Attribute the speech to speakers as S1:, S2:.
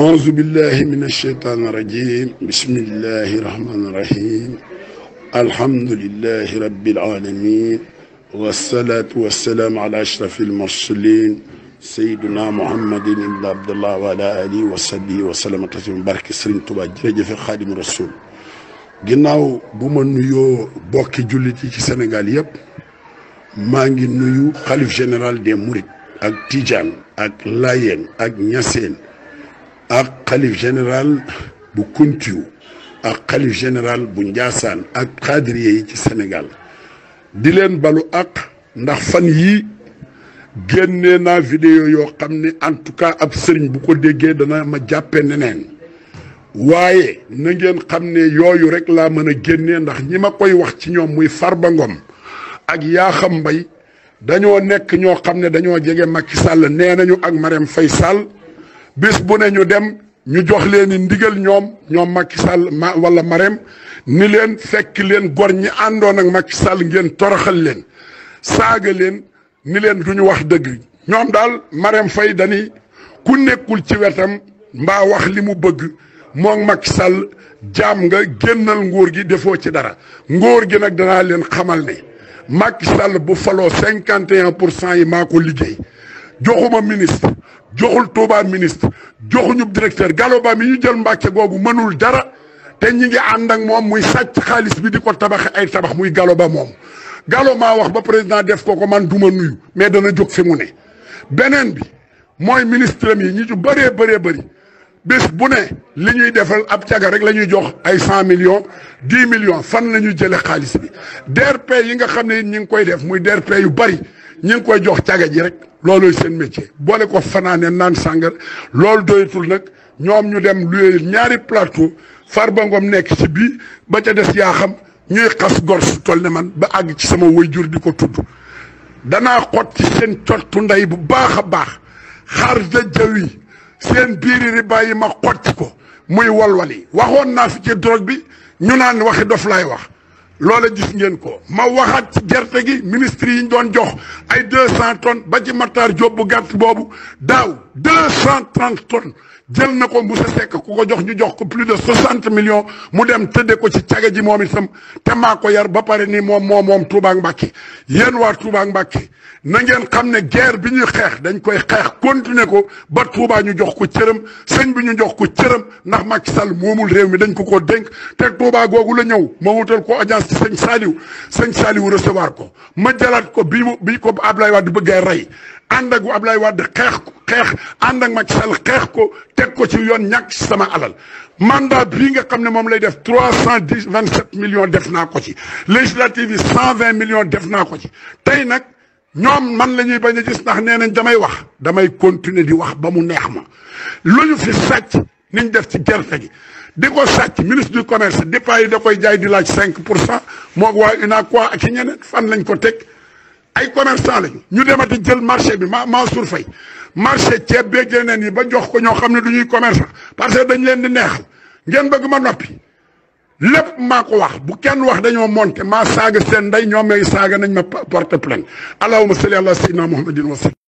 S1: أعوذ بالله من الشيطان الرجيم بسم الله الرحمن الرحيم الحمد لله رب العالمين والصلاة والسلام على أشرف المرسلين Seydina Muhammadin ibn Abdullah wa ala alihi wa sahbihi wa sallam taslim barke Serigne Touba jërëjëf Xaadimu Rasuul ginnaaw bu ma nuyoo bokki jullit yi ci Sénégal yëpp maa ngi nuyu xalif général des Mourides ak Tidiane ak Layeen ak Ñaseen ak xalif général bu Kuntiyu ak xalif général bu Njaasaan ak xaadiriye yi ci senegal di leen balu ak ndax fan yii génnee naa vidéo yoo xam ne antuka ab sëriñ bu ko déggee dana ma jàppe neneen waaye na ngeen xam ne yooyu rek laa mën a génnee ndax ñi ma koy wax ci ñoom muy Farba Ngom ak yaaxam mbay dañoo nekk ñoo xam ne dañoo jege Macky sàll nee nañu ak Marème fay Sall bis bu ne ñu dem ñu jox leen yi ndigal ñoom ñoom Macky Sall ma wala Marème ni leen fekk leen gor ñi àndoon ak Macky Sall ngeen toroxal leen saaga leen ni leen du ñu wax dëgg ñoom daal Marème fay dani ku nekkul ci wetam mbaa wax li mu bëgg moom Macky Sall jaam nga génnal nguur gi defoo ci dara ngóor gi nag danaa leen xamal ne Macky Sall bu faloo cinquante et pour cent yi maa ko liggéey joxuma ministre joxul Touba ministre joxuñu directeur Gallo Ba mi ñu jël Mbàkke googu mënul dara te ñi ngi ànd ak moom muy sàcc xaalis bi di ko tabax ay tabax muy galo Ba moom. Gallo maa wax ba président def ko ko man du ma nuyu mais dana jóg fi mu ne beneen bi mooy ministre yi ñi ci bëree bëree bëri bés bu ne li ñuy defal ab caga rek la ñuy jox ay cent million dix million fan la ñuy jëlee xaalis bi DRP yi nga xam ne ñi ngi koy def muy DRP yu bëri. ñi ngi koy jox caga ji rek looluy seen métier boole ko fanaane naan sàngar loolu doyatul nag ñoom ñu dem luy ñaari plateau Farba Ngom nekk ci bii ba ca des yaa xam ñuy xas gor su toll ne man ba àgg ci sama waajur di ko tudd danaa xot seen cottu ndey bu baax a baax xaar ja jawi seen biiri riba yi ma xot ko muy walwali waxoon naa fi ci drogue bi ñu naan waxi dof laay wax loole gis ngeen ko ma waxaat ci gerte gi ministre yi ñu doon jox ay deux cent tonnes ba ci Matar Diop bu gàrt boobu daaw deux cent trente tonnes jël na ko Moussa Seck ku ko jox ñu jox ko plus de soixante million mu dem tëdde ko ci caga ji moom itam te maa ko yar ba pare ni moom moo moom Touba Mbacké yéen waa Touba Mbacké na ngeen xam ne guerre bi ñuy xeex dañ koy xeex continuer ko ba Touba ñu jox ko cërëm sëñ bi ñu jox ko cërëm ndax Macky sal moomul réew mi dañ ko ko dénk te Touba googu la ñëw ma wutal ko audience ci sëñ Saliou sëñ Saliou recevoir ko ma jalaat ko bi bi ko Ablaye Wade bëggee rey ànd ak Ablaye Wade xeex ko xeex ànd ak Macky Sall xeex ko teg ko ci yoon ñàkk sama alal mandat bii nga xam ne moom lay def trois cent dix vingt sept millions def naa ko ci législative yi cent vingt millions def naa ko ci tey nag ñoom man la ñuy bañ a gis ndax nee nañ damay wax damay continuer di wax ba mu neex ma loolu ñu fi sàcc niñ def ci gerte gi di ko sàcc ministre du commerce départ yi da koy jaay di laaj cinq pour cent moog waa UNACOIS ak i ñeneen fan lañ ko teg ay commerçant lañu ñu demati jël marché bi ma Mansour Faye marché ceeb beeg yeneen yi ba jox ko ñoo xam ne du ñuy commerçant parce que dañ leen di neexal ngeen bëgg ma noppi lépp maa ko wax bu kenn wax dañoo monte maa saaga seen ndey ñoom ay saaga nañ ma porte plainte allahumma salli ala sayyidina muhammadin wa sallam